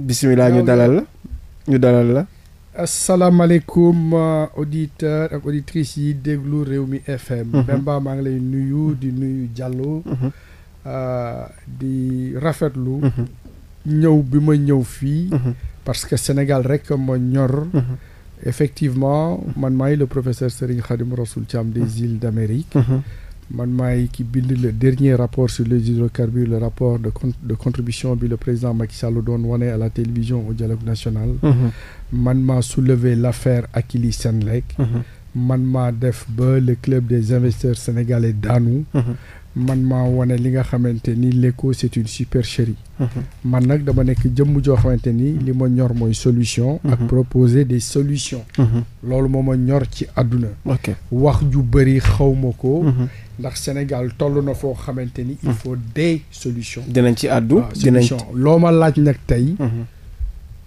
bisimilah ñu dalal la ñu dalal la. asalaamaaleykum euh, auditeurs ak auditrices yi déglu réew mi FM. Mhm. Bemba maa ngi lay nuyu mhm. di nuyu Diallo. Mhm. Euh, di rafetlu. ñëw bi ma ñëw fii. parce que Sénégal rek ma ñor. effectivement man maay le professeur Serigne Khadim Rassoul Thiam des îles d'Amérique. man maay ki bind le dernier rapport sur les hydrocarbures le rapport de de contribution bi le président Macky Sall doon wane à la télévision au dialogue national mm-hmm. man maa soulever l'affaire Akilee Senelec mm-hmm. man ma def ba le club des investisseurs sénégalais daanu mm-hmm. man maa wane li nga xamante ni l'éco c'est une supercherie man nag dama nekk jëmm joo xamante ni li ma ñor mooy solution ak proposer des solutions loolu moo ma ñor ci àdduna wax ju bëri xawma ko ndax Sénégal toll na foo xamante ni. il hmm. faut des solutions. dinañ ci àddu ah, dinañ loo ma laaj nag tey. Hmm.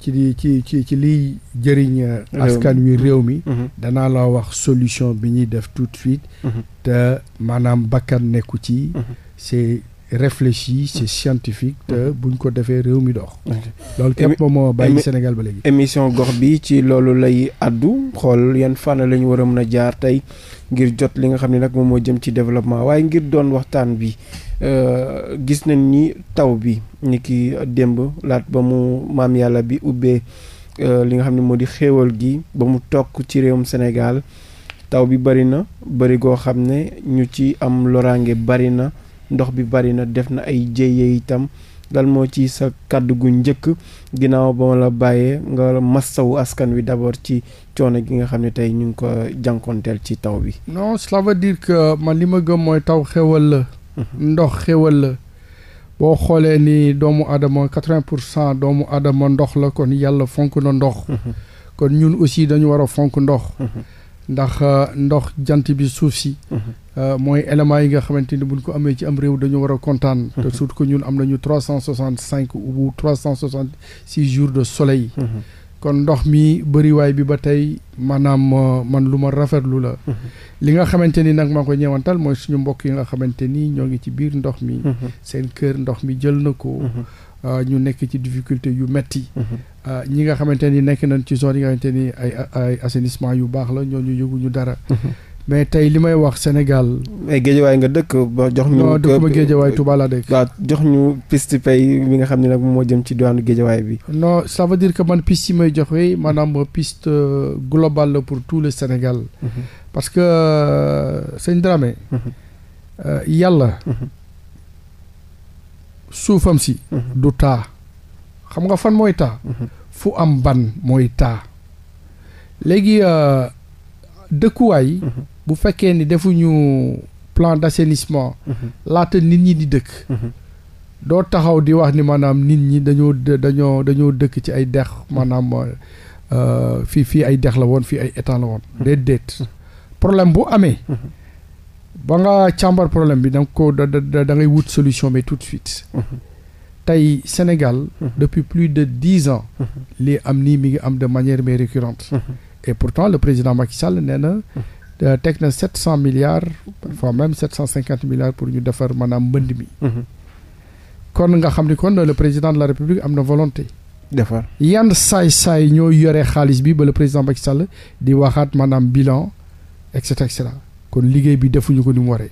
ci ci ci ci liy jëriñ. Euh, askan wi réew mi. Hmm. danaa la wax solution bi ñuy def tout de suite. te maanaam bakkan nekku ci. c'est réfléchi c'est mm-hmm. scientifique te mm-hmm. buñ ko defee réew mi dox. loolu képp moom moo bàyyi Sénégal ba léegi. émission gox bi ci loolu lay addu xool yan fànn lañu ñu war a mën a jaar tey ngir jot li nga xam ne nag moom moo jëm ci développement waaye ngir doon waxtaan bi euh, gis nañ ni taw bi ni ki démb laat ba mu maam yàlla bi ubbee euh, li nga xam ne moo di xéewal gi ba mu tokk ci réewum Sénégal taw bi bari na bari goo xam ne ñu ci am loraange bari na. ndox bi bari na def na ay jéye itam lan moo ci sa kàddu gu njëkk ginnaaw ba ma la bàyyee nga massawu askan wi d'abord ci coono gi nga xam ne tey ñu ngi ko jànkonteel ci taw bi. non cela dire que man li ma gëm mooy taw xewal la. Mhm. ndox xewal la. boo xoolee ni doomu adama quatre pour cent doomu aadama ndox la kon yàlla fonk na ndox. Mhm. kon ñun aussi dañu war a fonk ndox. Mhm. ndax euh, ndox jant bi suuf si. Mhm. Euh, mooy éléments yi nga xamante ni buñ ko amee ci am réew dañu war a kontaan. Mhm. te surtout que ñun am nañu trois cent soixante cinq ou trois cent soixante six jours de soleil. Mhm. kon ndox mi bëriwaay bi ba tey maanaam euh, man lu ma rafetlu la. li nga xamante ni nag maa ko ñeewantal mooy suñu mbokk yi nga xamante ni ñoo ngi ci biir ndox mi. seen kër ndox mi jël na ko. Euh, ñu nekk ci difficulté yu metti mhm. euh, ñi nga xamante ni nekk nañ ci zone yi nga xamante ni ay ay yu baax la ñoo ñu yëguñu dara. Mhm. mais tey li may wax Sénégal. mais géejawaay nga dëkk ba jox ñu. non dëkkuma géejawaay Touba laa dëkk. waaw jox ñu pist pay mi nga xam ne nag moo jëm ci diwaanu géejawaay bi. non ça veut dire que man piste yi may joxe maanaam piste euh, globale la pour tout les Sénégal. Mhm. parce que sëñ Dramé. yàlla. suufam si mhm. du taa xam nga fan mooy taa mhm. fu am ban mooy taa léegi euh, dëkkuwaay mhm. bu fekkee ni defuñu plan d'assainissement laata nit ñi di dëkk doo taxaw di wax ni maanaam nit ñi dañoo dañoo dañoo dëkk ci ay dex maanaam euh, fii fii ay dex la woon fii ay étang la woon déedéet problème bu amee ba nga càmbar problème bi da nga ko da da ngay wut solution mais tout de suite. Mhm. tey Sénégal. Mhm. depuis plus de dix ans. Mhm. lii am nii mi ngi am de manière mais récurrente. et pourtant le président Macky Sall nee na teg na cent milliards parfois même sept cent cinquante milliards pour ñu defar maanaam mbënd mi. kon nga xam ni kon le président de la République am na volonté. defar yan saay-saay ñoo yore xaalis bi ba le président Macky Sall di waxaat maanaam bilan et cetera et kon liggéey bi defuñu ko ni mu waree.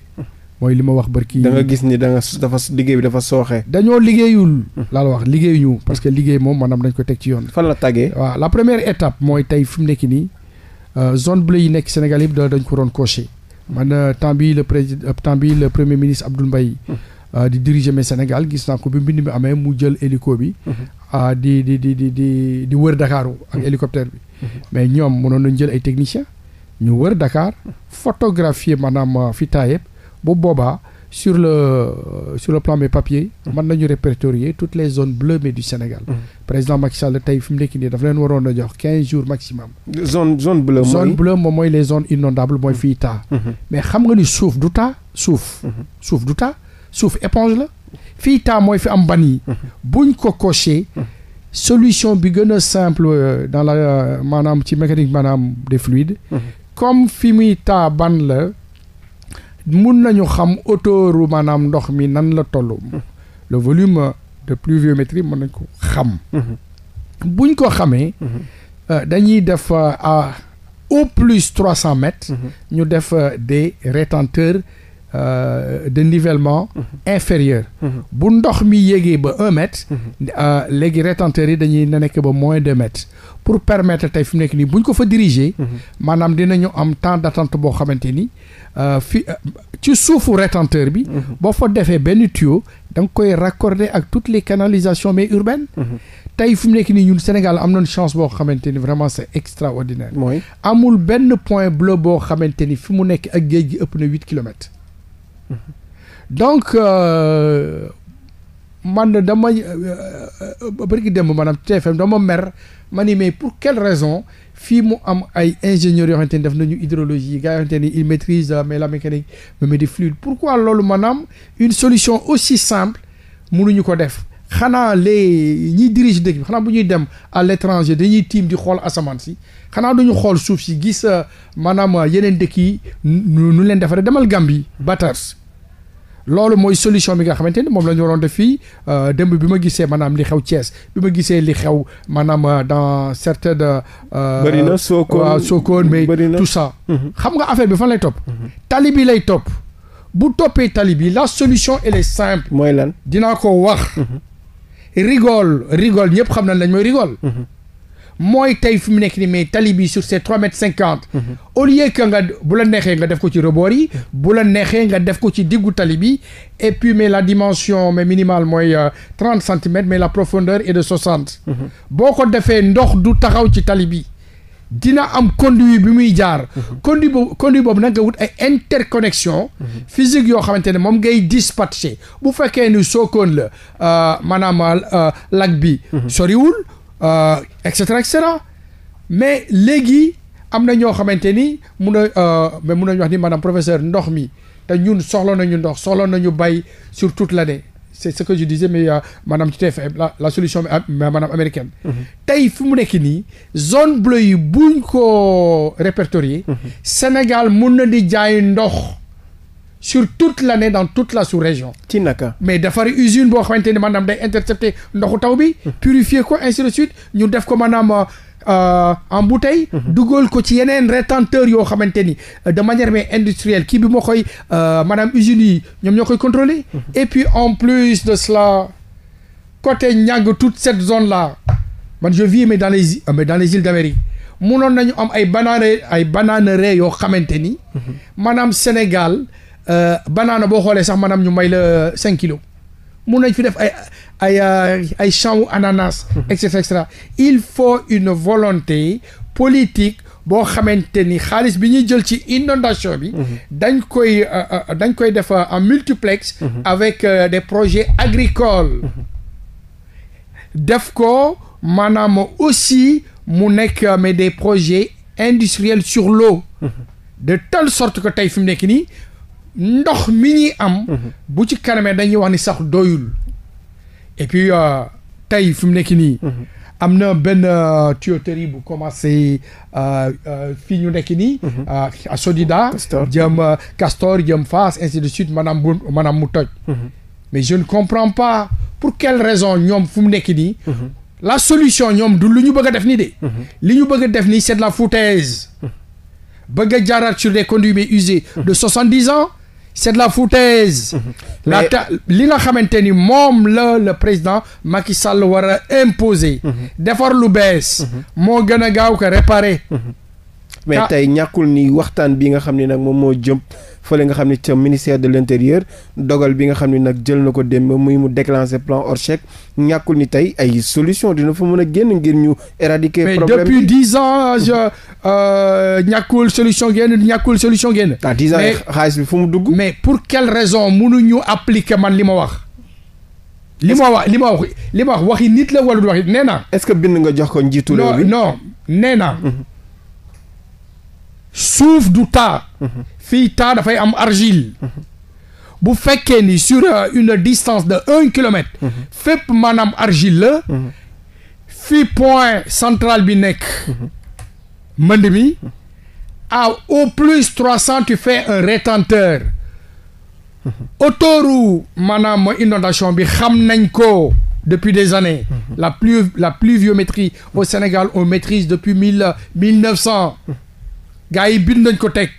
mooy li ma wax barki. da nga gis ni danga dafa liggéey bi dafa sooxe. dañoo liggéeyul. Hmm. laa wax liggéey liggéeyuñu parce que liggéey moom maanaam dañ ko teg ci yoon. fan la tàggee. la première étape mooy tey fi nekk nii euh, zone bleue yi nekk Sénégal yëpp dañ ko doon coché. man euh, temps bi le président euh, temps bi le premier ministre Abdoul Mbaye hmm. di diriger mais Sénégal gis naa ko bi mbind mi amee mu jël hélico bi. Hmm. di di di di di di wër Dakaaru ak hélicoptère bi. mais ñoom mënoon nañ jël ay techniciens. ñu wër dakaar photographier maanaam euh, fi taa yëpp bu boobaa sur le euh, sur le plan des papiers. Mm-hmm. mën nañu répertorier toutes les zones bleues mais du Sénégal. Mm-hmm. président Macky Sall tey fi mu nekk nii daf leen waroon a jox quinze jours maximum. zone zone bleue mooy zone bleue moom mooy les zones inondables mooy mm-hmm. fii taa. mais xam nga ni suuf du taa suuf. suuf du taa suuf éponge la. fii taa mooy fi am ban yi. buñ ko coché. solution bi gën a simple euh, dans la maanaam ci mécanique maanaam des fluides. comme fi muy taa ban la mun nañu xam autoru maanaam ndox mi nan la toll le volume de pluviométrie mën nañ ko xam mm-hmm. buñ ko xamee mm-hmm. euh, dañuy def euh, à au plus trois cent mètres mm-hmm. ñu def euh, des rétenteurs Euh, de nivellement inférieur mm bu ndox mi yéegee ba un mètre mm -hmm. léegi rétenteurs yi dañuy na nekk ba moins de mètres pour permettre tey fi mu nekk nii bu ñu ko fa diriger. Mhm. maanaam dinañu am temps d'attente boo xamante ni euh, fi euh, ci suufu rétenteur bi. Mhm. boo fa defee benn tuyau da nga koy raccorder ak toutes les canalisations mais urbaines. Mhm. tey fi mu nekk nii ñun Sénégal am nañu chance boo xamante ni vraiment c'est extraordinaire. amul benn point bleu boo xamante ni fi mu nekk ak géej gi ëpp na huit kilomètres. donc. Euh, man dama bëri ki démb maanaam TFM dama mer ma ni mais pour quelle raison fii mu am ay ingénieurs yoo xamante ni def nañu hydrologie gars yoo xamante ni ils maîtrisent la mais la mécanique mais des fluides pourquoi loolu maanaam une solution aussi simple mënuñu ko def xanaa les ñiy dirige dëkk bi xanaa bu ñuy dem à l'étranger dañuy tiim di xool asamaan si xanaa duñu xool suuf si gis euh, maanaam euh, yeneen dëkk yi nu leen defaree demal Gambie Batters loolu mooy solution bi nga xamante ni moom lañoo ñu waroon def fii euh, démb bi ma gisee maanaam li xew Thiès bi ma gisee li xew maanaam euh, dans de euh, bëri na Sokone Sokone mais tout ça. Mhm. xam nga affaire bi fan lay topp. Mhm. tali bi lay topp. bu toppee tali bi la solution elle est simple. mooy lan dinaa ko wax. Mhm. rigole rigole ñëpp xam nañ lañ mooy rigole. mooy tey fi mu nekk nii mais tali bi sur ces trois mètres cinquante mhm. au lieu que nga bu la neexee nga def ko ci rebord yi mhm. bu la neexee nga def ko ci diggu tali bi et puis mais la dimension mais minimale mooy euh, trente centimètres mais la profondeur est de soixante mhm. boo ko defee ndox du taxaw ci tali bi dina am conduit bi muy jaar conduit boobu conduit boobu nag nga wut ay interconnexion physique yoo xamante ne moom ngay dispatché bu fekkee ni Sokone la euh, maanaam euh, lag bi soriwul Euh, et cetera et mais léegi am na ñoo xamante ni mun a euh, mais mun nañu wax ni maanaam professeur ndox mi te ñun soxla nañu ndox na ñu bay sur toute l'année c'est ce que je disais mais euh, maanaam ci TFM la la solution maanaam américaine. Mm-hmm. tey fu mu nekk nii zone bleue yi buñ ko répertorier. Mm-hmm. Sénégal mun na di jaay ndox. sur tout l' année dans tout la sous-région. ci naka mais dafari usine boo xamante ni maanaam day intercepter ndoxu taw bi. Hmm. purifier ko ainsi de suite ñu def ko maanaam. en euh, bouteille mm dugal ko ci yeneen rétenteur yoo xamante ni euh, de manière mais industrielle kii bi moo koy euh, maanaam usines yi ñoom ñoo koy contrôler hmm. et puis en plus de cela côté ñàng toute cette zone la man je vis mais dans les euh, mais dans les îles d'Amérique munoon nañu am ay banane ay bananeraies yoo xamante ni hmm. maanaam Sénégal Euh, banaana boo xoolee sax maanaam ñu may la cinq kilos mun nañ fi def ay ay ay champs wu ananas. Mhm. et cetera il faut une volonté politique boo xamante ni xaalis bi ñuy jël ci inondation bi. Mhm. dañ koy euh, euh, dañ koy def en multiplex. Mhm. avec des projets agricoles. def ko maanaam aussi mu nekk mais des projets industriels sur l'eau de telle sorte que tey fi mu nekk nii. ndox mi ñuy am. Mhm. bu ci kanamee dañuy wax ni sax doyul. et puis euh, tey fi mu nekk nii. Mhm. am na benn euh, tuyauterie bu commencé euh, fii ñu nekk nii. Mhm. à Sodida. jëm Castor jëm Fass ainsi de suite maanaam bu maanaam mu toj. mais je ne comprends pas pour quelle raison ñoom fu mu nekk nii. la solution ñoom du lu ñu bëgg a def nii de. li ñu bëgg a nii c'est de la foutaise. bëgga a jaaraat sur des conduits usés de soixante-dix ans. c'est de la foutaise. Mhm. la li nga xamante ni moom la le président Macky Sall war a imposer. Mhm. defar lu bees. Mhm. moo gën a gaaw ko réparer. mais ah. tey ñàkkul ni waxtaan bi nga xam ne nag moom moo jëm fële nga xam ne ca ministère de l' intérieur dogal bi nga xam ni nag jël na ko démb muy mu déclencher plan Orsec ñàkkul ni tey ay solution dina fa mën a génn ngir ñu éradiquer problème mais depuis dix ans je euh, ñàkkul solution génn ñàkkul solution génn. ah dix ans xaalis bi fu mu dugg. mais pour quelle raison mënuñu appliquer man li ma wax. li ma wax li ma wax li ma wax waxi nit la wala du waxi nee naa. est ce que bind nga jox ko njiitu réew bi non nee naa. Mhm. suuf du taa fii taa dafay am argile bu fekkee ni sur euh, une distance de un kilomètre fépp maanaam argile la fii point central bi nekk mi à au plus trois cent tu fais un rétenteur autoru maanaam inondation bi xam nañ ko depuis des années la pluie la pluviométrie au Sénégal on maîtrise depuis mille mille neuf cent gars yi bind nañ ko teg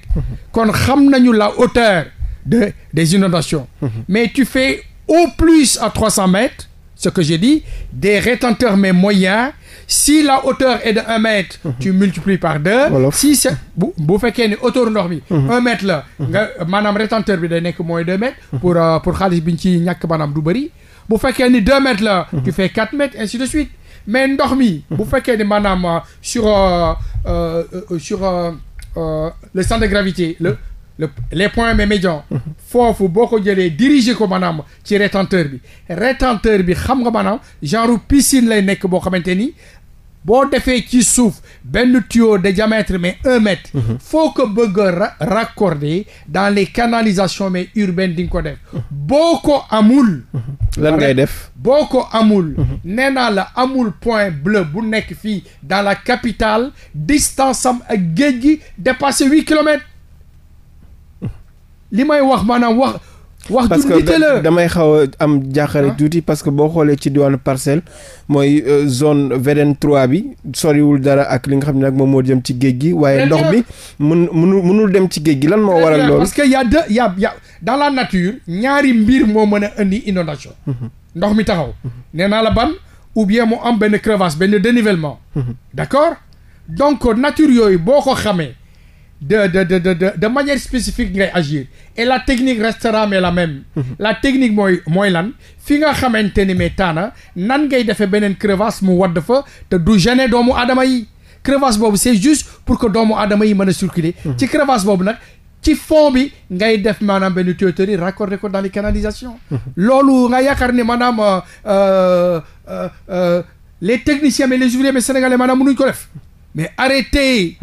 kon xam nañu la hauteur de des inondations mais tu fais au plus à trois cents mètres ce que j'ai dit des rétenteurs mais moyens si la hauteur est de un mètre tu multiplies par deux si c'est bu bu fekkee ni hauteur ndox bi un mètre la nga maanaam rétenteur bi day nekk mooy deux mètres pour euh, pour xaalis bi ñu ci ñàkk maanaam du bëri bu fekkee ni deux mètres la tu fais quatre mètres ainsi de suite mais ndox mi bu fekkee ni maanaam euh, sur euh, euh sur Euh, le centre de gravité le le les point mais médian foofu boo ko jëlee diriger ko maanaam ci rétenteur bi rétenteur bi xam nga maanaam genre piscine lay nekk boo xamante ni boo defee ci suuf benn tuyau de diamètre mais un mètre. Mhm. foo ko bëgg a raccorder dans les canalisations mais urbaines di ko mhm. mhm. def. boo ko amul. lan ngay def. boo ko amul. nee naa la amul point bleu bu nekk fii dans la capitale distance am ak géej gi dépassé huit kilomètres. li may wax maanaam wax. wax parce que damay xaw a am jaaxare ah. tuuti parce que boo xoolee ci diwaanu parcelle mooy euh, zone VDN 3 bi soriwul dara ak li nga xam ne nag moom moo jëm ci géej gi waaye ndox bi mun munul munul dem ci géej gi lan moo waral loolu. parce que y a deux la nature ñaari mbir moo mën a indi inondation mhm. ndox mi taxaw mhm. nee naa la ban ou bien mu am benn crevasse benn dénivellement mhm. d'accord donc nature yooyu boo ko xamee de de de de manière spécifique ngay agir et la technique restera mais la même. Mhm. la technique mooy mooy lan fi nga xamante ni mais taana nan ngay defee beneen crevasse mu wadd fa te du gêner doomu aadama yi crevasse boobu c'est juste pour que doomu aadama yi mën a circuler. Mhm. ci crevasse boobu nag. ci fond bi ngay def maanaam benn tuyauterie raccordé ko dans les canalisations. Mhm. loolu nga yaakaar ni maanaam euh, euh, euh, les techniciens mais les ouvriers mais sénégalais maanaam mënuñ ko def mais arrêtez.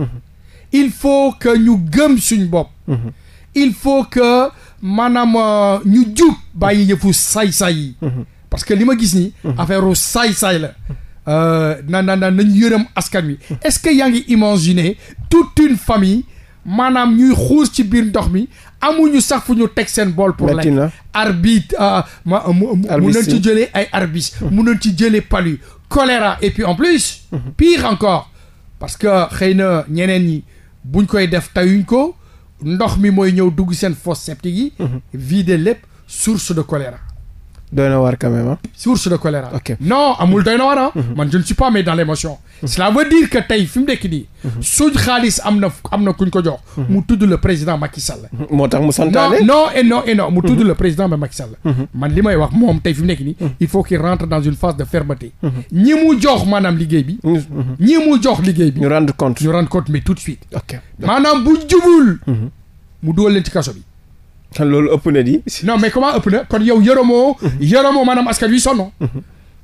il faut que ñu gëm suñ bopp mhm. il faut que maanaam euh, ñu jub bàyyi yëfu saay-saay yi mhm. parce que li ma gis ni mhm. affaire u saay-saay la euh, na na na nañu yërëm askan wi est-ce que yaa ngi imaginer toute une famille maanaam ñuy xuus ci biir ndox mi amuñu sax fu ñu teg seen bool pour lekk arbitre euh, ma mu nañ ci jëlee ay arbis mu nañ ci jëlee palu choléra et puis en plus pire encore parce que xëy na ñeneen ñi buñ koy def tayuñ ko ndox mi mooy ñëw dugg seen fosse septique yi. Mhm. vider lépp source de choléra. doy na waar quand même ah. source de choléra. ok non amul doy na waar ah. man je ne suis pas mais dans l' émotion. cela veut dire que tey fi nekk nii. Mhm. suñ xaalis am na am na kuñ ko jox. Mhm. mu tudd la président Macky Sall. moo tax mu santaane. non et non et non mu tudd le président Macky Sall. man li may wax moom tey fi nekk nii. il faut qu'il rentre dans une phase de fermeté. ñi mu jox maanaam liggéey bi. ñi mu jox liggéey bi. ñu rendre compte ñu rendre compte mais tout de suite. ok maanaam bu jubul. mu dugal leen ci kaso bi. loolu ëpp na di. non mais comment ëpp na kon yow yërëmoo. yërëmoo maanaam askan wi sonn.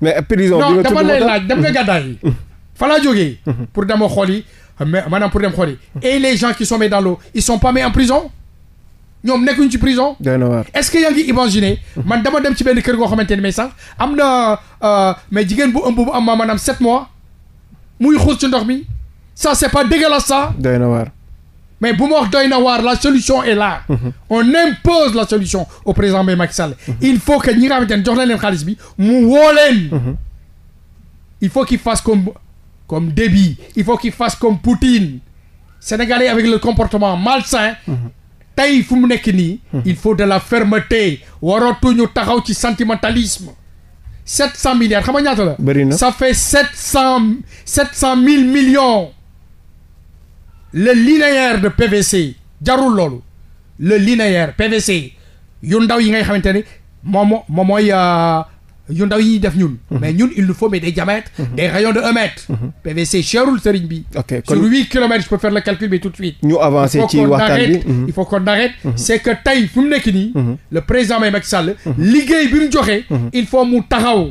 mais prison bi nga tudd non dama lay laaj dem nga gàddaay yi. fa laa jógee. pour dama xool yi maanaam pour xool yi. et les gens qui sont mis dans l'eau ils sont pas mis en prison. ñoom nekkuñ ci prison. est-ce que yaa ngi imaginer. man dama dem ci benn kër goo xamante ne mais sax am na euh, mais jigéen bu ëmb bu am maanaam 7 mois. muy xuus ci ndox mi. sa c'est pas dégueulasse ça. doy mais bu ma wax doy na waar la solution est là. Mhm. on impose la solution au président Mbaye Macky Sall. Mhm. il faut que ñi nga xamante ne jox leen leen xaalis bi mu woo leen. Mhm. il faut qu'il fasse comme comme Déby il faut qu'il fasse comme Poutine sénégalais avec le comportement malsain. tey fu mu nekk nii. il faut de la fermeté waratuñu taxaw ci sentimentalisme. sept cent milliards xam nga ñaata la. bëri na ça fait sept cent sept cent mille millions. le linéaire de PVC jarul loolu le linéaire PVC yu ndaw yi ngay xamante ne moom moom mooy euh, yu ndaw yi ñuy def ñun. Mhm. mais ñun il nous faut mais des diamètres. Mhm. des rayons de un mhm. PVC cherul sëriñ bi. ok sur huit kilomètres je peux faire le calcul bi tout de suite. ñu avancer ci waxtaan bi il faut qu'on arrête c' est que tey fu mu nekk nii. le président may Macky Sall. liggéey bi mu joxe. il faut mu taxaw.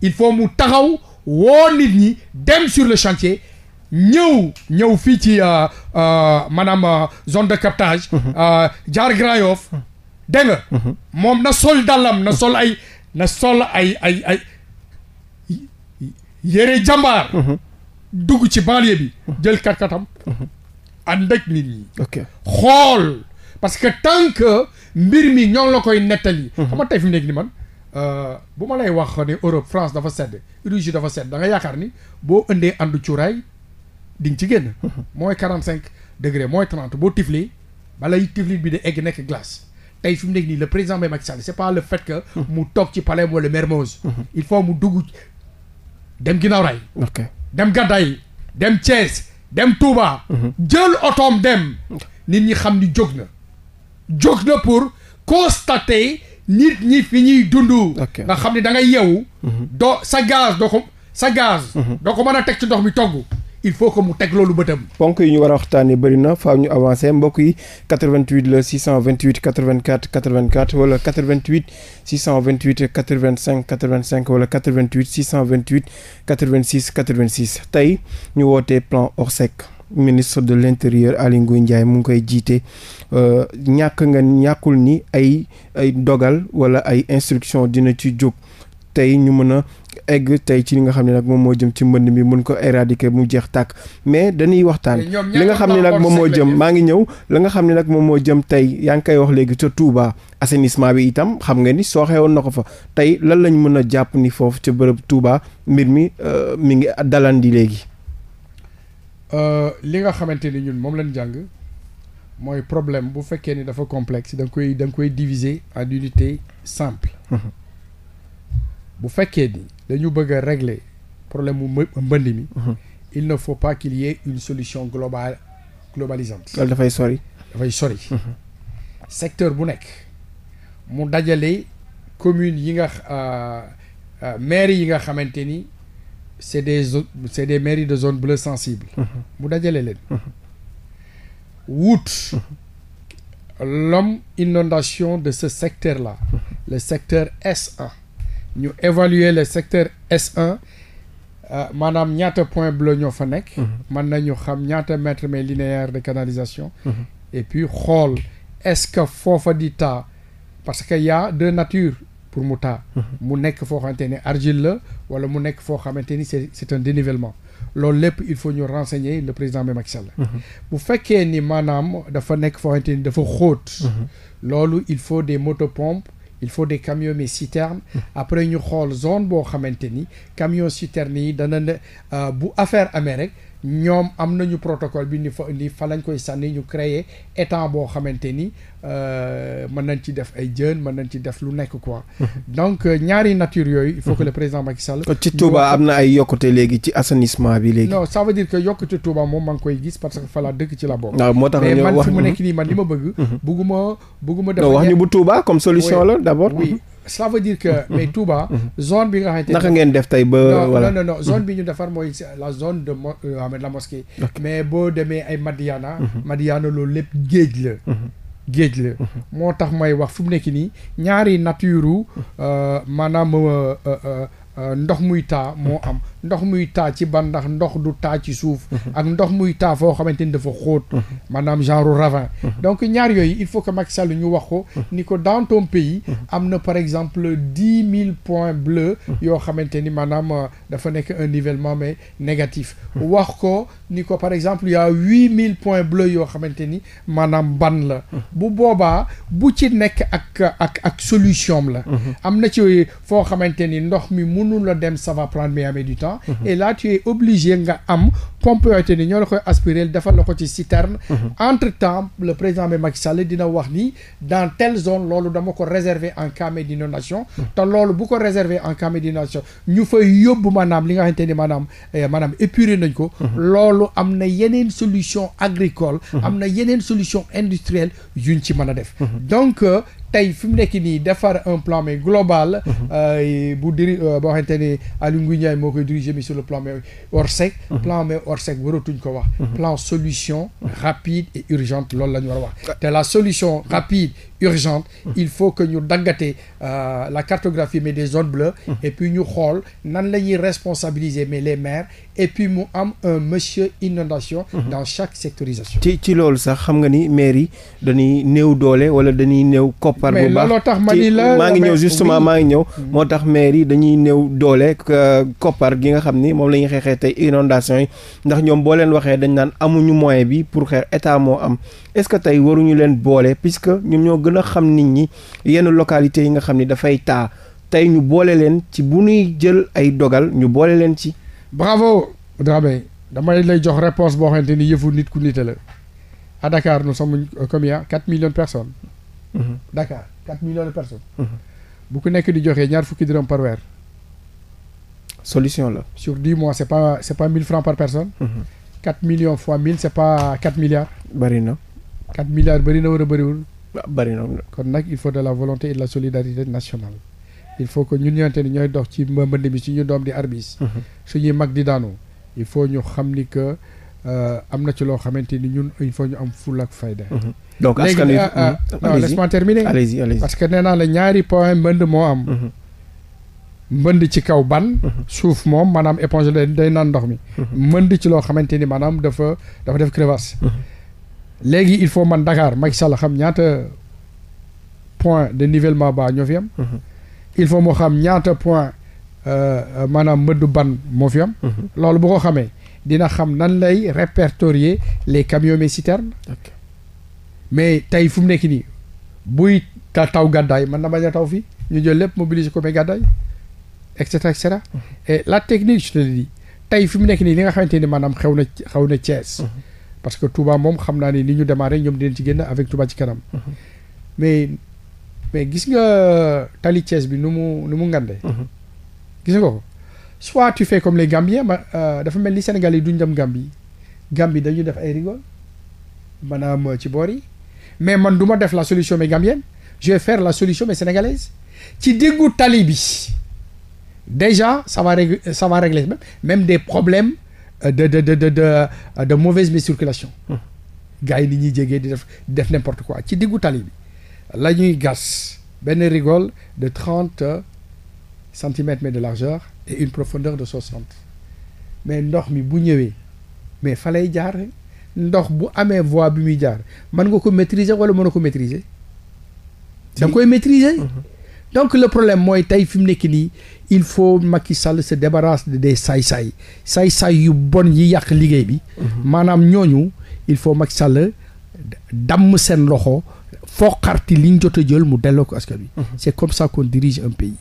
il faut mu taxaw woo nit ñi dem sur le chantier. ñëw ñëw fii ci euh, euh, maanaam euh, zone de captage. Mhm. jaar Grand Yoff mhm. mhm. moom na sol dàllam na sol ay na sol ay ay ay yére jàmbaar. dugg ci banlieue bi. jël katkatam. ànd ak nit ñi. ok xool parce que tant que mbir mi ñoo la koy nettali. xam nga tey fi mu ni man. bu ma lay wax ne Europe France dafa sedd Russie dafa sedd da yaakaar ni boo indee àndu cuuraay. di nga ci génn. mooy quarante cinq degré mooy trente boo tifli balay tifli bi de egg nekk glace. tey fi mu nii la président Mbaye Macky Sall c' pas le fait que. mu toog ci palais wala Mermoz. il faut mu dugg dem ginnaaw ray ok dem gàddaay dem Thiès dem Touba. jël otoom dem. nit ñi xam ni jóg na. jóg na pour constater nit ñi fi ñuy dund. nga xam ni da ngay yeewu. Mhm. do sa gaz doo ko sa gaz. Mhm. doo ko mën a teg ci ndox mi togg. il faut que mu teg loolu bëtam. ponk yi ñu war a waxtaanee bëri na faaw ñu avancé mbokk yi 88 la 628 84 84 wala 88 628 85 85 wala 88 628 86 86 tey ñu woote plan Orsec. ministre de l'intérieur Aly Ngouille Ndiaye mu ngi koy jiite euh, ñàkk nga ñàkkul ni ay ay dogal wala ay instruction dina ci jóg tey ñu mën a egg tey ci li nga xam ne nag moom moo jëm ci mbënd mi mun ko éradiquer mu jeex tàkk mais dañuy waxtaan li nga xam ne nag moom moo jëm maa ngi ñëw la nga xam ne nag moom moo jëm tey yaa ngi koy wax léegi ca Touba assainissement bi itam xam nga ni sooxee woon na ko fa tey lan lañ mën a jàpp ni foofu ca bërëb Touba mbir mi euh, mi ngi dalandi léegi euh, li nga xamante ni ñun moom lañ jàng mooy problème bu fekkee ni dafa complexe da nga koy da koy diviser en unité simple mhm. bu fekkee ni dañu bëgg a régler problème mu mbënd mi. Mhm. il ne faut pas qu'il y une solution globale globalisante. dafay sori. dafay sori. Mhm. secteur bu nekk mu dajale commune yi nga euh, euh, mairie yi nga xamante ni c'est des c'est des mairies de zone bleue sensible. Mhm. mu dajale leen. wut. l'homme inondation de ce secteur-là. le secteur S1. ñu évaluer le secteur S1 euh, maanaam ñaata point bleu ñoo fa nekk mhm. mën nañu xam ñaata mètre mais linéaire de canalisation mhm. et puis xool est-ce que foofa di taa parce que y a deux natures pour mu taa mhm. mu nekk foo xamante ni argile la wala mu nekk foo xamante ni c'est c'est un dénivellement loolu lépp il faut ñu renseigner le président bi Macky Sall bu fekkee ni maanaam dafa nekk foo xamante dafa xóot loolu il faut des motopompes il faut des camions mais citernes après ñu xool zone boo xamante ni camion citernes yi dana ne euh, bu affaire amee rek ñoom am nañu protocole bi ni fa ni fa lañ koy sànni ñu créer état boo xamante ni euh, mën nañ ci def ay jën mën nañ ci def lu nekk quoi. Mhm. donc euh, ñaari nature yooyu. il faut que mhm. le président Macky Sall. Euh, ci Touba am na ay yokkute léegi ci assainissement bi léegi. non ça veut dire que yokkute Touba moom maa koy gis parce que fa la dëkk ci la bokk. moo tax mais man fi mu nekk nii man li ma bëgg. Mhm. bëgguma bëgguma def. wax ñu bu Touba comme solution la d' abord. oui cela veut dire que mhm. mais mhm. Touba. Mhm. zone bi nga xamante naka ngeen def tey ba. voilà non non non zone bi ñu defar mooy la zone de mo euh, la mosquée. mais boo demee ay Madiana. Madiana loolu lépp géej la. géej la moo tax may wax fu mu nekk nii ñaari nature euh, maanaam euh, ndox muy taa moo am. ndox muy taa ci ban ndax ndox du taa ci suuf mhm. ak ndox muy taa foo xamante ni dafa xóot mhm. maanaam genre ravin mhm. donc ñaar yooyu il faut que Macky Sall ñu wax ko ni ko dans ton pays am na par exemple dix mille points bleus yoo xamante ni maanaam euh, dafa nekk un mais négatif wax ko ni ko par exemple y a mille points bleus yoo xamante ni maanaam ban la bu boobaa bu ci nekk ak ak ak solution la am na ci foo xamante ni ndox mi mënul la dem ça va prendre mais amee du temps carburant et là tu es obligé nga am pompe yoo xamante ni ñoo la koy aspirer defal la ko ci citerne mhm. entre temps le président bi Macky Sall dina wax ni dans telle zone loolu dama ko réserver en cas d'inondation mhm. te loolu bu ko réserver en cas d'inondation ñu fay yóbbu maanaam li nga xamante ni maanaam eh, maanaam épurer nañ ko mhm. loolu am na yeneen solution agricole am na yeneen solution industrielle yuñ ci mën a def euh, tey fi mu nekk nii defar un plan mais global. Mhm. Euh, bu diri euh, boo xamante ne Aliou Ngouille moo koy diriger mi sur le plan mais Orsec. Mhm. plan mais Orsec waratuñ ko wax. Mhm. plan solution rapide et urgente loolu la ñu war a wax. te la solution rapide urgente. il faut que ñu daggate euh, la cartographie mais des zones bleues. et puis ñu xool nan la ñuy responsabiliser mais les maires. et puis mu am un monsieur inondation mhm. dans chaque sectorisation ci ci loolu sax xam nga ni maire yi dañuy néew doole wala dañuy néew koppar bu baax tax ma ni la maa ngi ñëw justement maa ngi ñëw mhm. moo tax maire yi dañuy néew doole euh, koppar gi nga xam ni moom la ñuy xeexee tey inondation yi ndax ñoom boo leen waxee dañ naan amuñu moyen bi pour xeex état moo am est-ce que tey waruñu leen boole puisque ñoom ñoo gën a xam nit ñi yenn localité yi nga xam ni dafay taa tey ñu boole leen ci bu ñuy jël ay dogal ñu boole leen ci bravo Dramé damay lay jox réponse boo xamante ni yëfu nit ku nite la à Dakar nous sommes euh, combien quatre millions de personnes. Mm-hmm. Dakar quatre millions de personnes. Mm-hmm. bu ko nekk di joxee ñaar fukki dërëm par weer. solution la. sur du mois c' est pas c' pas mille francs par personne. Mm-hmm. quatre millions fois mille c' est pas quatre milliards. bëri na. quatre milliards bëri na war a bëriwul. bëri na kon nag il faut de la volonté et la solidarité nationale. il faut que ñun ñooñu ni ñooy dox ci mbënd bi suñu doom di arbis mhm. suñuy mag di daanu il faut ñu xam ni que euh, am na ci loo xamante ni ñun il faut ñu am ful ak fayda. Mhm. donc askan euh, wi euh, mhm. non laisse-moi terminer. parce que nee naa ñaari point mbënd moo am. mbënd ci kaw ban. suuf moom maanaam éponge day naan ndox mi. mbënd ci loo xamante ni maanaam dafa dafa def crevasse. léegi il faut man dakaar Macky Sall xam ñaata point de nivellement bas ñoo fi am. il faut moo xam ñaata point euh, euh, maanaam mëddu ban moo fi am. Mhm. loolu boo ko xamee dina xam nan lay répertorier les camions et citernes. mais tey fu mu nekk nii buy ta taw gàddaay mën na bañ a taw fi ñu jël lépp mobiliser ko mais gàddaay et cetera et cetera. Mhm. et la technique je te dis tey fi mu nekk nii li nga xamante ni maanaam xew na xew na Thiès. Mhm. parce que Touba moom xam naa ni ni ñu démarré ñoom dinañ ci génn avec Touba ci kanam. mais mais gis nga tali Thiès bi nu mu nu mu ngandee. Mhm. gis nga ko soit tu fais comme les Gambiens ma euh, dafa mel ni Sénégal yi duñ dem Gambie Gambie dañu def ay rigole maanaam euh, ci boori mais man du ma def la solution mais gambienne je vais faire la solution mais sénégalaise ci diggu tali bi déjà ça va régler ça va même des problèmes euh, de de de de de de mauvaise circulation. Mhm. gars yi ni ñuy jégee di def def n'importe quoi ci diggu tali bi. la ñuy gas benn rigole de trente centimètres mais de largeur et une profondeur de soixante mais ndox mi bu ñëwee mais fa lay jaar ndox bu amee voie bi muy jaar mën nga ko maîtriser wala mën a ko maîtriser da koy maîtriser mhm. donc le problème mooy tey fi mu nekk nii il faut Macky Sall se débarrasse des saay-saay saay-saay yu bon yi yàq liggéey bi mhm. maanaam ñooñu il faut Macky Sall damm seen loxo foo xarti li jot jël mu delloo ko askan wi. Mhm. c' est comme ça qu'on dirige un pays.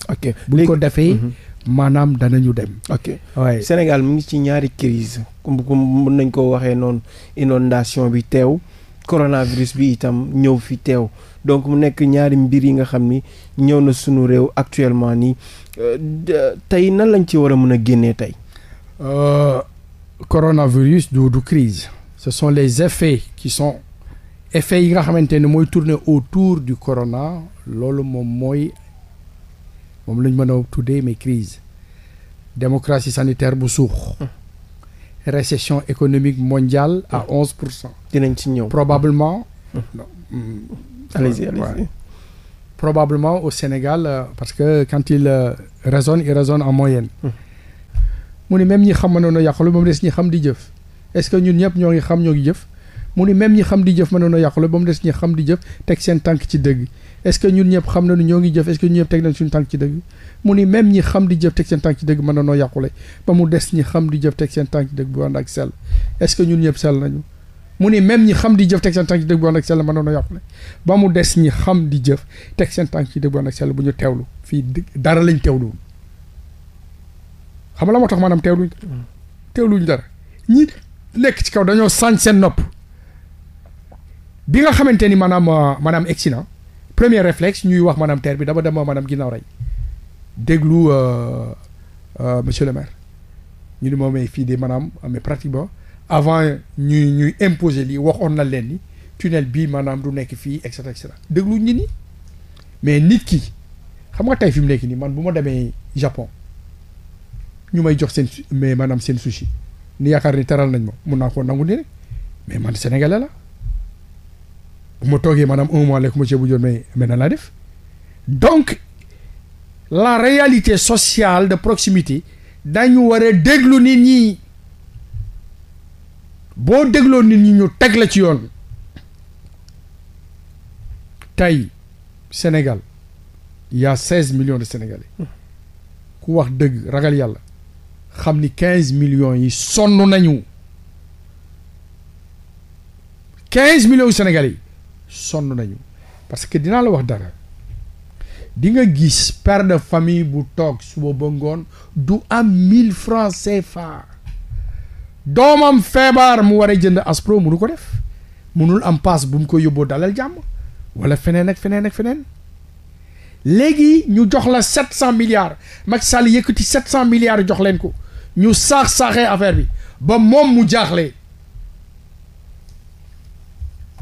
bu ñu ko defee. Mhm. maanaam ñu dem. ok waaye Sénégal mu ngi ci ñaari crise comme mën nañ koo waxee noonu inondation bi teew coronavirus bi itam ñëw fi teew donc mu nekk ñaari mbir yi nga xam ni ñëw na sunu réew actuellement nii euh, tey nan lañ ci war a mën a génnee tey. Euh, coronavirus du du crise ce sont les effets qui sont. effet yi nga xamante ne mooy tourner autour du corona loolu moom mooy moom lañ mën a tuddee mais crise démocratie sanitaire bu suux hmm. récession économique mondiale à hmm. onze pour cent dinañ ci ñëw probablement hmm. allez-y au Sénégal euh, parce que quand il euh, raisonne il raisonne a moyenne mu ne même ñi xam mënoon a yàqulu moom des ñi xam di jëf est-ce que ñun ñëpp ñoo ngi xam ñoo ngi jëf mu ni même ñi xam di jëf mënoon a yàqule ba mu des ñi xam di jëf teg seen tànk ci dëgg est-ce ñun ñëpp xam nañu ñoo ngi jëf est-ce que ñun ñëpp xam di jëf teg seen tànk ci dëgg mënoon a yàqule ba mu xam di jëf teg seen tànk ci dëgg bu ànd ak que ñun ñëpp sell nañu mu même ñi xam di jëf teg seen tànk ci dëgg bu ànd ak sell mënoon a yàqule ba mu des ñi xam di jëf teg seen tànk ci dëgg bu ànd ak sell bu ñu teewlu fii dara lañ teewlu xam la moo tax maanaam teewluñ mm. teewluñ dara ñi nekk ci kaw dañoo sañ seen nopp bi nga xamante ni maanaam euh, maanaam egsi na premier ñuy wax maanaam terre bi dama dem maanaam ginnaaw rey déglu euh, euh, monsieur le maire ñu ni moom may fii de maanaam mais pratiquement avant ñuy ñuy imposer lii waxoon na leen ni tunnel bii maanaam du nekk fii et cetera et déglu ñi ni mais nit ki xam nga tey fi mu nekk nii man bu ma demee Japon ñu may jox seen mais maanaam seen sushi ni yaakaar ni teral nañ ma mun naa koo nangu ni rek mais man Sénégalais la bu ma toogee maanaam un mois lekkuma ceebu jën mais mais nan laa def donc la réalité sociale de proximité dañu war a déglu nit ñi boo dégloo nit ñi ñu teg la ci yoon tay Sénégal yaa y a seize millions de Sénégalais ku wax dëgg ragal yàlla xam ni quinze millions yi sonn nañu quinze millions yu yi sonn nañu parce que dinaa la wax dara di nga gis père de famille bu toog suba ba ngoon du am mille francs CFA doomam feebar mu war a jënd aspro munu ko def munul am paas bu mu ko yóbboo dalal jàmm wala feneen ak feneen ak feneen léegi ñu jox la sept cent milliards mag Sall yëkkati sept cent milliards jox leen ko ñu saax saaxee affaire bi ba moom mu jaaxle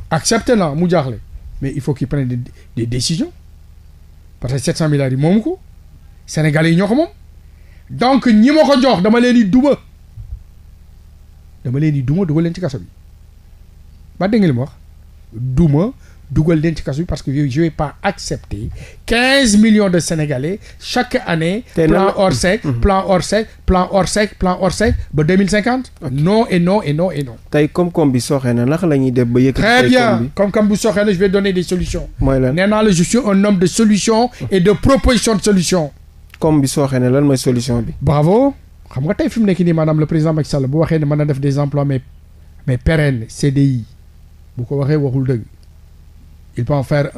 accepté na mu jaaxle mais il faut qu'il prenne de des décisions parce que 700 milliards yi moomu ko sénégal yi ñoo ko moom donc ñi ma ko jox dama leen di duma dama leen di duma dugal leen ci kaso bi ba dégg nga li ma wax duma dugal leen ci parce que yooyu je vais pas accepter quinze millions de sénégalais chaque année. plan Orsec mhm. plan Orsec plan Orsec plan Orsec ba deux mille cinquante. non et non et non et non. tey koom-koom bi sooxee na la ñuy def ba yëkkati. très bien koom-koom bu sooxee na je vais donner des solutions. mooy nee naa la je suis un homme de solution. et de proposition de solution. koom bi sooxee na lan mooy solution bi. bravo xam nga tey fi mu nekk nii maanaam le président Macky Sall bu ne mën na def des emplois mais mais pérennes CDI bu ko waxee waxul dëgg. il peut en faire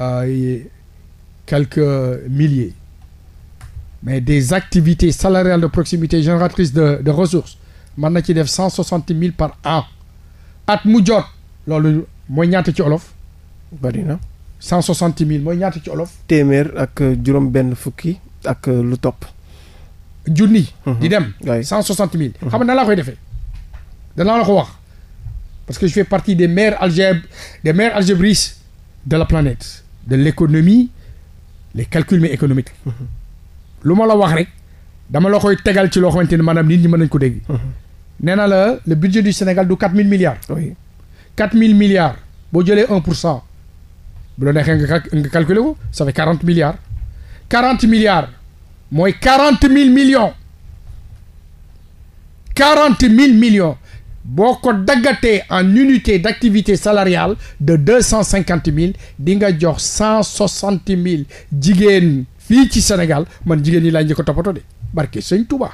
euh, quelques milliers. Mais des activités salariales de proximité génératrices de, de ressources mën na ci def cent soixante mille par an at mu jot loolu mooy ñaata ci olof. bari na. cent soixante mille mooy ñaata ci olof. téeméer ak juróom benn fukki ak lu topp. junni. Mhm. di dem. cent soixante mille. Mhm. xam na nan laa koy defee danaa la ko wax. Parce que je fais partie des meilleurs algèbres, de meilleurs algébristes de la planète. de l'économie les calculs mais économiques. Mm-hmm. lu ma la wax rek dama la koy tegal ci loo xamante ni maanaam nit ñi mën nañ ko dégg. Mm-hmm. nee na la le budget du Sénégal du quatre mille milliards. oui quatre mille milliards boo jëlee un pour cent bu la neexee nga nga calculer ko ça fait quarante milliards. quarante milliards mooy quarante mille millions. quarante mille millions. boo ko daggatee en unité d'activité salariale de deux cent cinquante mille di nga jox cent soixante mille jigéen fii ci Sénégal man jigéen ñi laa njëkk a toppatoo de barke sëñ Touba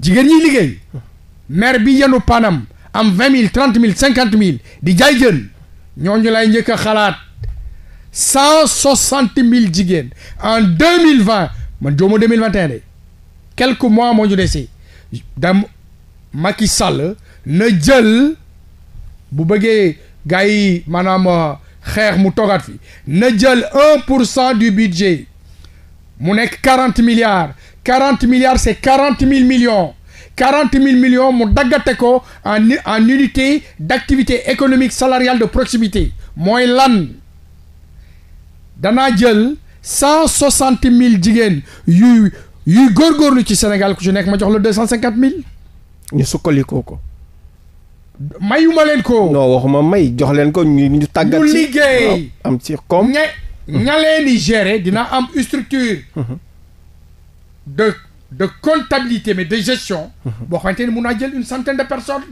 jigéen ñi liggéey maire bi yenu panam am vingt mille trente mille cinquante mille di jaay jën ñooñu lay njëkk a xalaat cent soixante mille jigéen en deux mille vingt man jooma deux mille vingt et de quelques mois moo ñu dese dam Macky Sall na jël bu bëggee gars yi maanaam euh, xeex mu toogaat fi na jël un pour cent du budget mu nekk quarante milliards quarante milliards c'est quarante mille millions quarante mille millions mu daggate ko en en unité d'activité économique salariale de proximité mooy lan danaa jël cent soixante mille jigéen yuy yuy góorgóorlu ci Sénégal ku ci nekk ma jox la deux cent cinquante mille ñu sukkali ko mayuma leen ko. non waxuma may jox leen ko ñu ñu tàggat. ñu liggéey am ci comme. ña ña leen di dina am structure. Mhm. de de comptabilité mais de gestion. Mhm. boo xamante ni mun naa jël une centaine de personnes.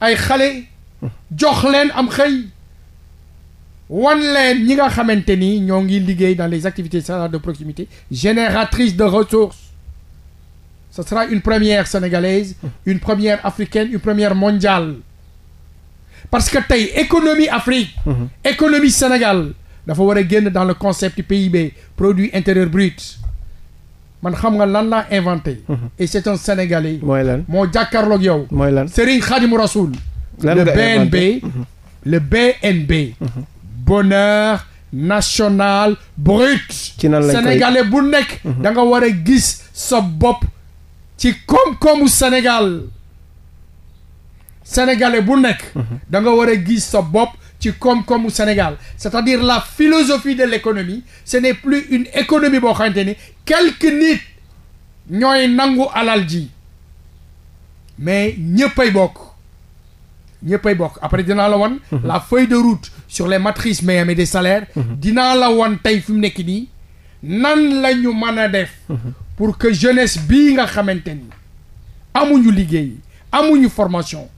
ay xale. Mhm. jox leen am xëy. wan leen ñi nga xamante nii ñoo ngi liggéey dans les activités salariales de proximité génératrice de ressources. ce sera une première sénégalaise une première africaine une première mondiale parce que tey économie Afrique mhm. économie Sénégal dafa war a génn dans le concept du PIB produit intérieur brut man xam nga lan laa inventé mhm. et c'est un Sénégalais mooy lan moo jàkkaarloog yow mooy lan Serigne Khadim Rasoul le BNB mhm. le BNB bonheur national brut Sénégalais bu nekk da nga war a gis sa bopp ci koom-koomu Sénégal sénégalais bu nekk mhm. da nga war a gis sa bopp ci koom-koomu Sénégal c'est-à-dire la philosophie de l'économie ce n'est plus une économie boo xamante ni quelques nit ñooy nangu alal ji mais ñëppay bokk ñëppay bokk après dinaa la woon mhm. la feuille de route sur les matrices mais des salaires mhm. dinaa la woon tey fi mu nekk nii nan lañu ñu mën a def pour que jeunesse bii nga xamante ni amuñu liggéey amuñu formation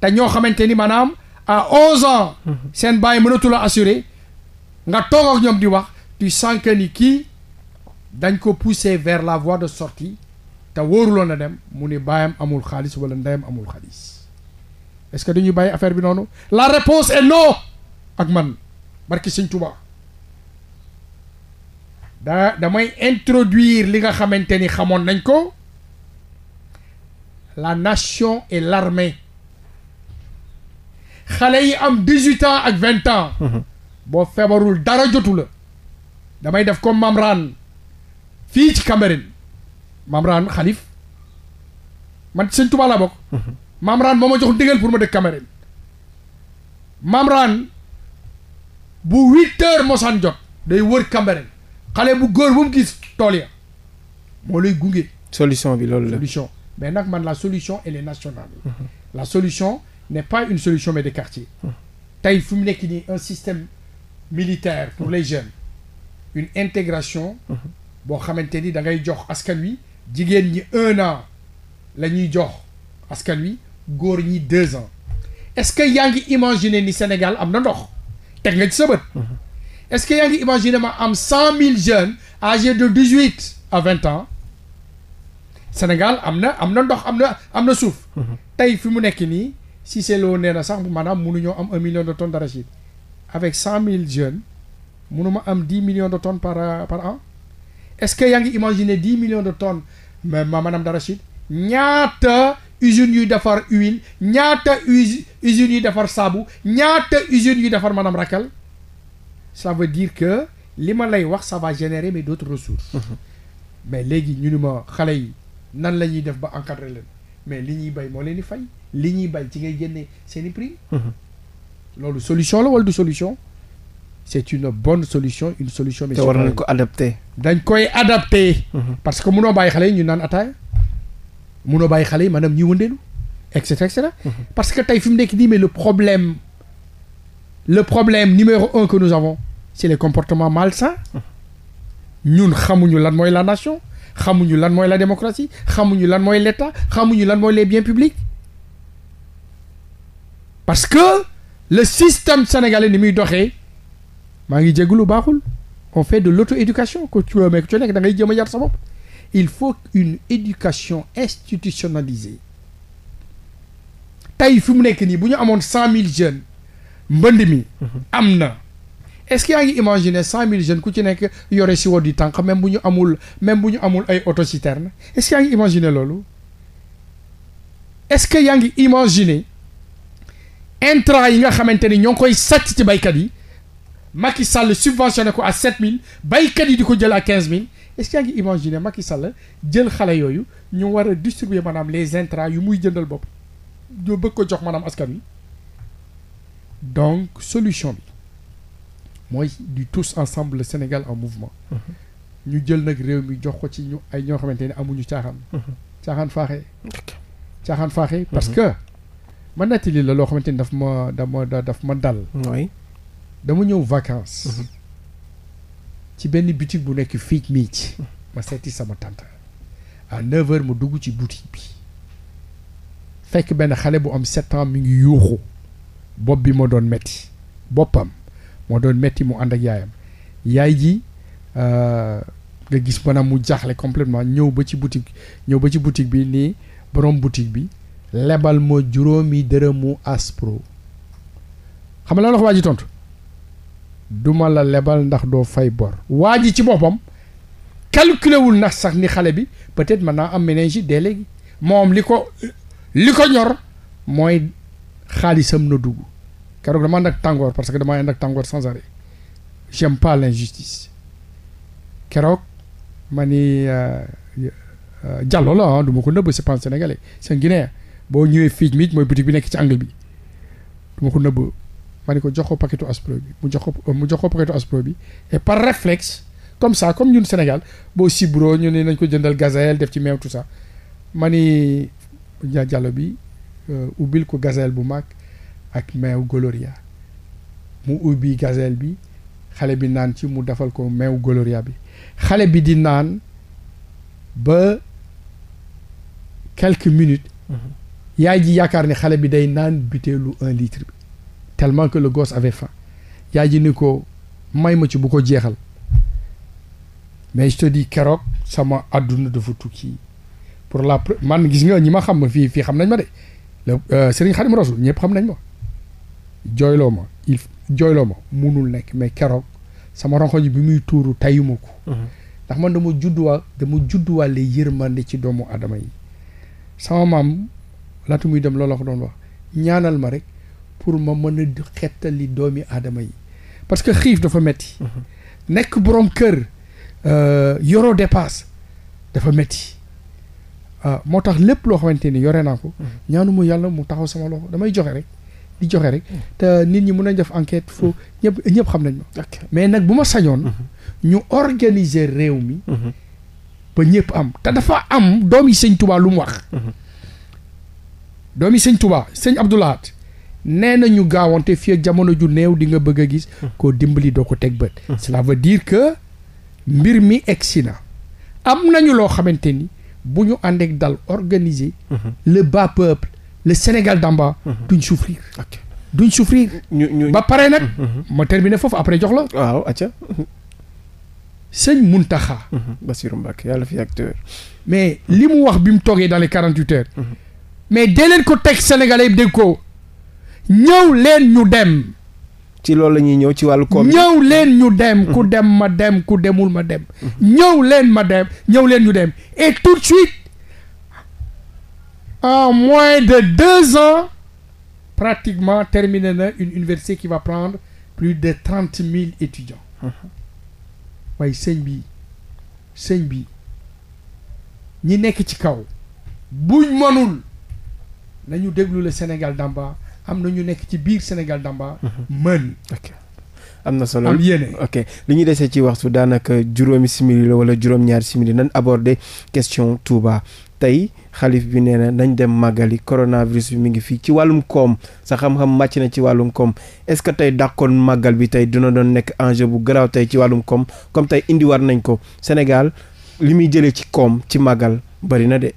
te ñoo xamante ni maanaam à onze ans mhm. seen bàyyi mënatula la assurer nga toog ak ñoom di wax tu sens ni kii dañ ko pousser vers la voie de sortie te wóoruloon na dem mu ni baayam amul xaalis wala ndeyam amul xaalis est que dañuy bàyyi affaire bi noonu la réponse est non ak man barki Sëñ Tuubaa daa damay introduire li nga xamante ni xamoon nañ ko la nation et l'armée xale yi am dix ak vingt ans mhm. boo feebarul dara jotu la damay def comme mamran fii ci Cambérène mamran xalif man sëñ Tuubaa laa bokk mhm. mamran ma jox ndigal pour ma dëkk Cambérène mamran bu huit heures mosaan jot day wër Cambérène xale bu góor bu gis tool ya moo lay gunge. solution bi loolu la solution mais nag man la solution elle est national la solution n'est pas une solution mais des quartiers. tey fu mu nekk nii un système militaire pour les jeunes. une intégration. boo xamante ni da ngay jox askan wi jigéen ñi un an la ñuy jox askan wi góor ñi deux ans est-ce que yaa ngi imaginer ni Sénégal am na ndox teg nga ci sa est-ce que yaa ngi imaginer ma am cent mille jeunes âgés de dix huit à vingt ans Sénégal am na am na ndox am na am na suuf. Mhm. tey fi mu nekk nii si c'est loo nee na sax maanaam mënuñoo am un million de tonnes d'arachide avec cent mille jeunes mënuma am dix millions de tonnes par par a est-ce que yaa ngi imaginer dix millions de tonnes ma maanaam d'arachide ñaata. usines yuy defar huile ñaata usines yuy defar saabu ñaata usines yuy defar maanaam rakkal ça veut dire que li ma lay wax ça va générer mais d'autres ressources. Mhm. mais léegi ñu ni ma xale yi nan la ñuy def ba encadrer leen mais li ñuy bay moo leen di fay li ñuy bay ci ngay génne seen i prix. Mhm. loolu solution la wala du solution. c'est une bonne solution une solution. mais te war nañ ko adapté. dañ koy adapté. Mhm. parce que munoo bàyyi xale yi ñu naan ataaya. munoo bàyyi xale yi maanaam ñuy wëndeelu et cetera et cetera. parce que tey fi mu nekk nii mais le problème. le problème numéro un que nous avons c'est les comportements malsains ñun xamuñu lan mooy la nation xamuñu lan mooy la démocratie xamuñu lan mooy l'État xamuñu lan mooy les biens publics parce que le système sénégalais ni muy doxee maa ngi jégalu baaxul on fait de l'auto-éducation ku ci ku ci nekk da ngay jéem a yar sa bopp il faut une éducation institutionnalisée tey fi mu nekk nii bu ñu amoon cent mille jeunes mbënd mi. Mhm. am na est-ce que yaa ngi imaginer cent mille jeunes ku ci nekk yore si woo di tànk même bu ñu amul même bu ñu amul ay autociterne est-ce que yaa ngi imaginer loolu est-ce que yaa ngi imaginer intrant yi nga xamante ni ñoo ngi koy sàcc ci baykat yi Macky Sall subventionné ko à sept mille baykat yi di ko jël à quinze mille est-ce que yaa ngi imaginer Macky Sall jël xale yooyu ñu war a distribuer maanaam les intrants yu muy jëndal bopp ñoo bëgg ko jox maanaam askan wi. donc solution bi mooy du tous ensemble le Sénégal en mouvement mhm. ñu jël nag réew mi jox ko ci ñu ay ñoo xamante ne amuñu caaxaan mhm. caaxaan faaxee caaxaan faaxee parce mhm. que ma nettali la loo xamante ni daf ma dama daf ma dal dama ñëw vacances ci benn boutique bu nekk fii mii ci ma seeti sama tante à neuf ma dugg ci boutique bi fekk benn xale bu am sept ans mi ngi yuuxu bopp bi moo doon metti boppam moo doon metti mu ànd ak yaayam yaay ji euh, nga gis maanaam mu jaaxle completement ñëw ba ci boutique ñëw ba ci boutique bi nii borom boutique bi lebal ma juróomi dërëmu aspro xam nga la ko waa ji tontu duma la lebal ndax doo fay bor waa ji ci boppam calculé wul ndax sax ni xale bi peut-être mën naa am méningite dès léegi moom li ko li ko ñor mooy xaalisam na dugg keroog dama ànd ak tàngoor parce que dama ànd ak tàngoor sans arrêt j'aime pas l'injustice keroog ma ni euh, euh, Diallo la ah, du ma ko nëbb c'est pas un sénégalais c'est boo ñëwee fii mi mooy boutique bi nekk ci angle bi du ma ko nëbb ma ko jox ko paquetu aspro bi mu jox euh, mu jox ko paquetu aspro bi et par réflexe comme ça comme ñun Sénégal boo sibro ñu ne nañ ko jëndal gazelle def ci meew tout ça ma ni Diallo bi ubbil ko gazelle bu mag. ak meew gloria mu ubbi gazelle bi xale bi naan ci mu defal ko meew gloria bi xale bi di naan ba quelques minutes mhm. yaay ji yaakaar ne xale bi day naan biteelu un litre bi tellement que le gosse avait faim yaay ji ni ko may ma ci bu ko jeexal mais je te dis keroog sama àdduna dafa tukki pour la man gis nga ñi ma xam fii fii xam nañ ma de euh, Serigne Khadim Rasoul ñëpp xam nañ ma jooyloo ma il jooyloo ma munul nekk mais keroog sama rongoñ bi muy tuuru tayuma ko mhm. ndax man dama judduwaa dama judduwaale yërmande ci doomu aadama yi sama maam laata muy dem loolu ko doon wax ñaanal ma rek pour ma mën a xettali doomi aadama yi parce que xiif dafa metti mhm. nekk boroom kër euh, yoroo dépasse dafa metti ah, moo tax lépp loo xamante ni yore naa ko mhm. ñaanuma yàlla mu taxaw sama loxo damay joxe rek di joxe rek te nit ñi mun nañ def enquête foo ñëpp xam nañ ma mais nag bu ma sañoon mhm. ñu organiser réew mi mhm. ba ñëpp am te dafa am doomi sëñ Touba lu mu wax mhm. doomi sëñ Touba sëñ Abdoulahat nee na ñu gaawante fii jamono ju néew di nga bëgg a gis koo dimbali doo ko teg bët cela veut dire que mbir mi si na am nañu loo xamante ni bu ñu ànd ak dal organiser le bas peuple le Sénégal d'en bas. duñ mhm. du duñ souffrir. ba pare nag. Mhm. Mhm. ma terminer foofu après jox la. waaw acca. sëñ Muntaxa. Bassirou Mbacke yàlla fi acteur. mais li mu wax bi mu toogee dans les quarante huit mais dee leen ko teg Sénégalais yi dégg ko. ñëw leen ñu dem. ci loolu la ñuy ñëw ci wàllu koom ñëw leen ñu dem ku dem ma dem ku demul ma dem. ñëw leen ma dem ñëw leen ñu dem et tout de suite. en moins de deux ans pratiquement terminé na une université qui va prendre plus de trente mille étudiants uh-huh. waaye sëñ bi sëñ bi ñi nekk ci kaw buñ mënul nañu déglu le Sénégal d'en am na ñu nekk ci biir Sénégal d'en bas uh-huh. mën am na solo am yéene li ñu desee ci waxtu daanaka juróomi simili la wala juróom-ñaari simili nan aborder question Touba tey xalif bi nee na nañ dem màggali coronavirus bi mi ngi fii ci wàllum koom sa xam-xam màcc na ci wàllum koom est-ce que tey dàqoon màggal bi tey dina doon nekk enjeu bu garaaw tey ci wàllum koom comme tey indi war nañ ko Sénégal li muy jëlee ci koom ci màggal bari na de.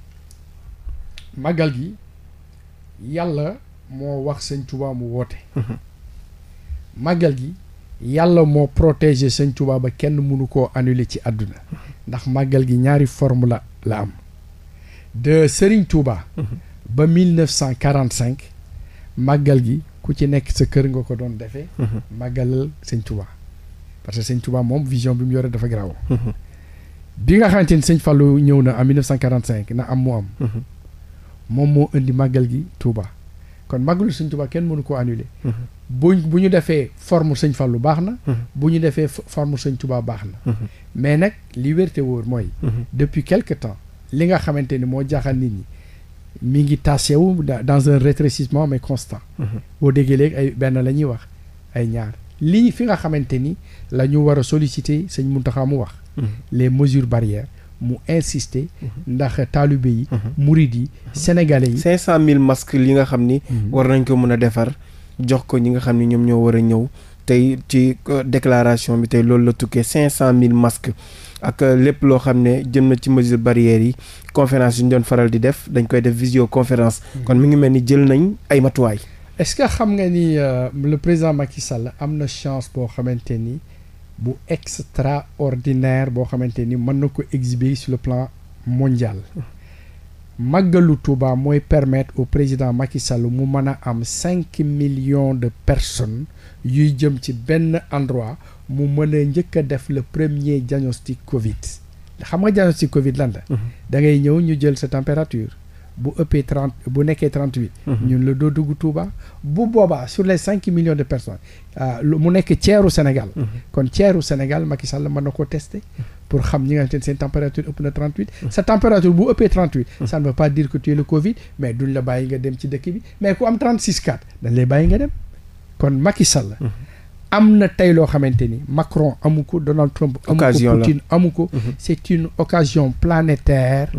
màggal gi yàlla moo wax sëñ Tuubaa mu woote. Mhm. màggal gi yàlla moo protéger sëñ tubaab ba kenn mënu koo annuler ci àdduna mhm. ndax màggal gi ñaari form la la am. de Serigne Touba. ba mille neuf cent quarante cinq màggal gi ku ci nekk sa kër nga ko doon defee. màggalal sëñ Touba. parce que sëñ Touba moom vision bi mu yore dafa garaaw. bi nga xamante ni sëñ ñëw na en 1945 na am mu am. moom moo indi màggal gi Touba. kon màggalu sëñ Touba kenn mënu ko annuler. buñ bu ñu defee forme sëñ Fallou baax na. bu ñu defee forme sëñ Touba baax na. mais nag li wérte mooy. depuis quelque temps. li nga xamante ni moo jaaxal nit ñi mi ngi tasewu dans un rétrécissement mais constant. Mhm. boo déggee léegi ay benn la ñuy wax ay ñaar lii fi nga xamante ni la ñu war a solliciter sëñ Mountakha mu wax. Mhm. les mesures barrières. mu insister mhm. ndax taalibe yi murid yi sénégalais yi cinq cent mille masques li nga xam ni war nañ ko mën a defar jox ko ñi nga xam ni ñoom ñoo war a ñëw tey ci euh, déclaration bi tey loolu la tukkee cinq cent mille masques ak euh, lépp loo xam ne jëm na ci mesure barrières yi conférence yu ñu doon faral di def dañ koy def visioconférence mm-hmm. kon mi ngi mel ni jël nañ ay matuwaay. est-ce que xam nga ni euh, le président Macky Sall am na chance boo xamante ni bu extraordinaire boo xamante ni mën na ko exhiber sur le plan mondial. màggalu Touba mooy permettre au président Macky Sall mu mën a am cinq millions de personnes yuy jëm ci benn endroit mu mën a njëkk a def le premier diagnostic Covid xam nga diagnostic Covid lan la. Mhm. da ngay ñëw ñu jël sa température. bu ëppee trente bu nekkee trente huit. Mhm. ñun la doo dugg Touba. bu boobaa sur les cinq millions de personnes ah, lu mu nekk ceeru Sénégal. Mhm. kon ceeru Sénégal Macky la mën na ko tester. pour xam ñi nga xamante ne seen température ëpp na trente huit. Mhm. sa température bu ëppee trente huit. ça ne veut pas dire que tu es le Covid mais duñ la bàyyi nga dem ci dëkk bi mais ku am trente six cas dañ bàyyi nga dem. kon Macky la am na tey loo xamante ni Macron amu ko Donald Trump. amu amu ko. c'est une occasion planétaire.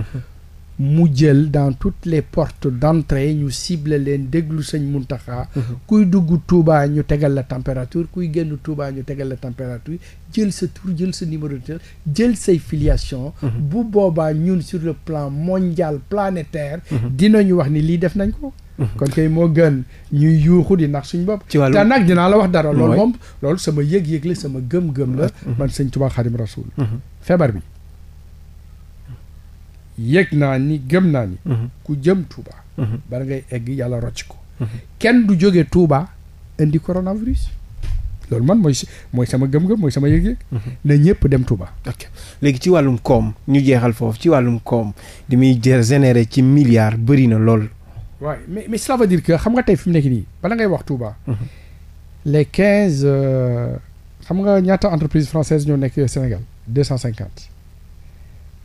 mu jël dans toutes les portes d'entrée ñu sible leen déglu sëñ Muntaxa mhm. kuy dugg Touba ñu tegal la température kuy génn Touba ñu tegal la température jël sa tour jël sa numéro de jël say filiation mhm. bu boobaa ñun sur le plan mondial planétaire mhm. dinañu wax ni lii def nañ ko kon kay moo gën ñuy yuuxu di nax suñ bopp te nag dinaa la wax dara loolu moom loolu sama yëg-yëg la sama gëm-gëm la man sëñ Tuubaa Xaadim Rasuul feebar bi yëg naa ni gëm naa ni mhm. ku jëm Touba mhm. bala ngay egg yàlla rocc ko mhm. kenn du jóge Touba indi coronavirus loolu man mooy mooy sama gëm-gëm mooy sama yëg-yëg na ñëpp dem Touba ok léegi ci wàllum koom ñu jeexal foofu ci wàllum koom di muy généré ci milliards bëri na lool waaw mais mais cela veut dire xam nga tey fi mu nekk nii bala ngay wax Touba les quinze euh, xam nga ñaata entreprise française ñoo nekk Sénégal deux cent cinquante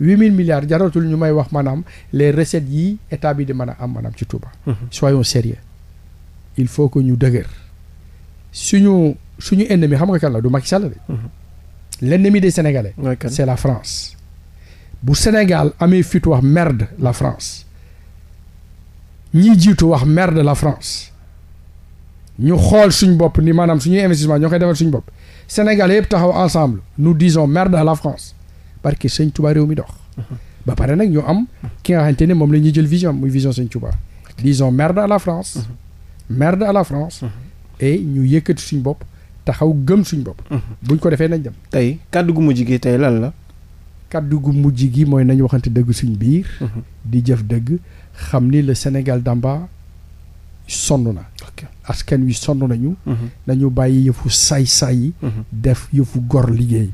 huit mille milliards jaratul ñu may wax maanaam les recettes yi état bi di mën a am maanaam ci Touba. Mhm. soyons sérieux il faut que ñu dëgër suñu suñu ennemi xam nga kan la du Macky Sall de. Mhm. l'ennemi des Sénégalais. Okay. c'est la France. bu Sénégal amee fit wax merde la France ñi jiitu wax merde la France ñu xool suñ bopp ni maanaam suñuy investissement ñoo koy defal suñ bopp Sénégal yëpp taxaw ensemble nous disons merde à la France. barke sëñ Touba réew mi dox. Mhm. ba pare nag ñu am ki nga xamante ne moom la ñuy jël vision muy vision sëñ Touba. disons merde à la France. Mhm. merde à la France. Mhm. et ñu yëkkati suñ bopp taxaw gëm suñ bopp. buñ ko defee nañ dem. tey kàddu gu mujj gi tey lan la. kàddu gu mujj gi mooy nañu waxante dëgg suñ biir. di jëf dëgg xam ni le Sénégal d'en sonn na. askan wi sonn nañu. Mhm. nañu bàyyi yëfu saay-saay yi. Mhm. def yëfu gor liggéey.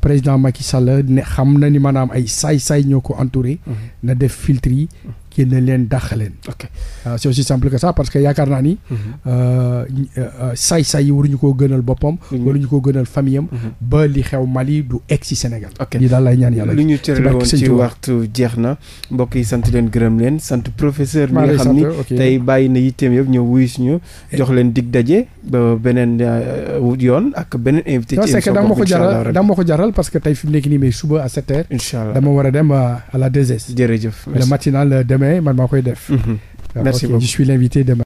président Macky Sall ne xam na ni maanaam ay saay-saay ñoo ko entouré. Mhm. na def filtre yi. génne leen dàq leen. ok waaw ah, c'est aussi simple que ça parce que yaakaar naa ni. Euh, euh, euh, saay-saay yi waruñu koo gënal boppam. waruñu ko gënal famille am. ba li xew Mali du egg si Sénégal. ok lii daal lay ñaan yàlla. lu ñu cëraloon ci waxtu jeex na mbokk yi sant leen gërëm leen sant professeur. mi nga xam ni tey bàyyi na yitteem Eh. jox leen dig daje ba beneen euh, yoon ak beneen invité. ci émission boobu ko jaral dama ko jaral parce que tey fi mu nekk nii mais suba à sept heures. incha dama war a dem euh, à la 2S. jërëjëf le matinal euh, demain man maa koy def. Mhm. merci beaucoup je suis l'invité demain.